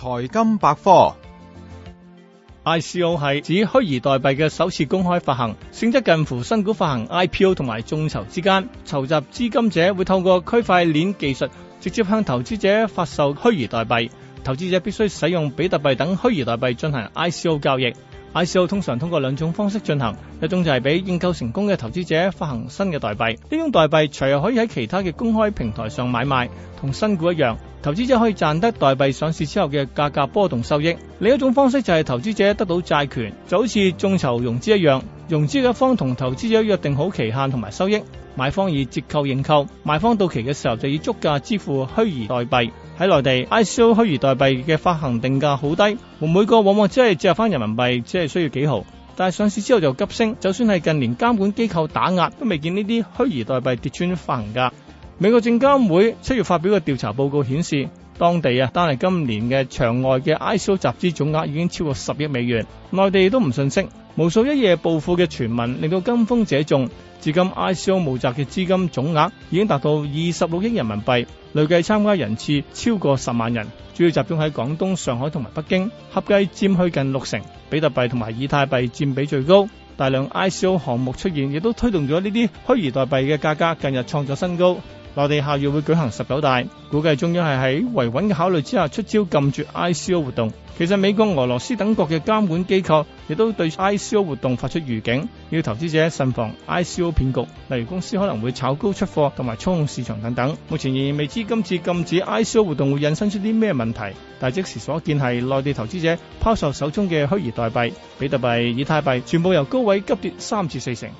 財金百科，ICO 係指虛擬代幣嘅首次公開發行，性質近乎新股發行 IPO 同埋眾籌之間。籌集資金者會透過區塊鏈技術直接向投資者發售虛擬代幣，投資者必須使用比特幣等虛擬代幣進行 ICO 交易。ICO 通常通過兩種方式進行，一種就係俾認購成功嘅投資者發行新嘅代幣。呢種代幣隨後可以喺其他嘅公開平台上買賣，同新股一樣，投資者可以賺得代幣上市之後嘅價格波動收益。另一種方式就係投資者得到債權，就好似眾籌融資一樣。融資嘅一方同投資者約定好期限同埋收益，買方以折扣認購，賣方到期嘅時候就要足價支付虛擬代幣。喺內地，ICO 虛擬代幣嘅發行定價好低，每個往往只係借翻人民幣，只係需要幾毫，但係上市之後就急升。就算係近年監管機構打壓，都未見呢啲虛擬代幣跌穿發行價。美國證監會七月發表嘅調查報告顯示，當地啊，單係今年嘅場外嘅 ICO 集資總額已經超過十億美元。內地都唔信息，無數一夜暴富嘅傳聞令到跟風者眾。至今 ICO 募集嘅資金總額已經達到二十六億人民幣，累計參加人次超過十萬人，主要集中喺廣東、上海同埋北京，合計佔去近六成。比特幣同埋以太幣佔比最高，大量 ICO 項目出現，亦都推動咗呢啲虛擬代幣嘅價格近日創咗新高。內地下月會舉行十九大，估計中央係喺維穩嘅考慮之下出招禁絕 ICO 活動。其實美國、俄羅斯等國嘅監管機構亦都對 ICO 活動發出預警，要投資者慎防 ICO 騙局。例如公司可能會炒高出貨，同埋操控市場等等。目前仍然未知今次禁止 ICO 活動會引申出啲咩問題。但即時所見係內地投資者拋售手中嘅虛擬代幣，比特幣、以太幣全部由高位急跌三至四成。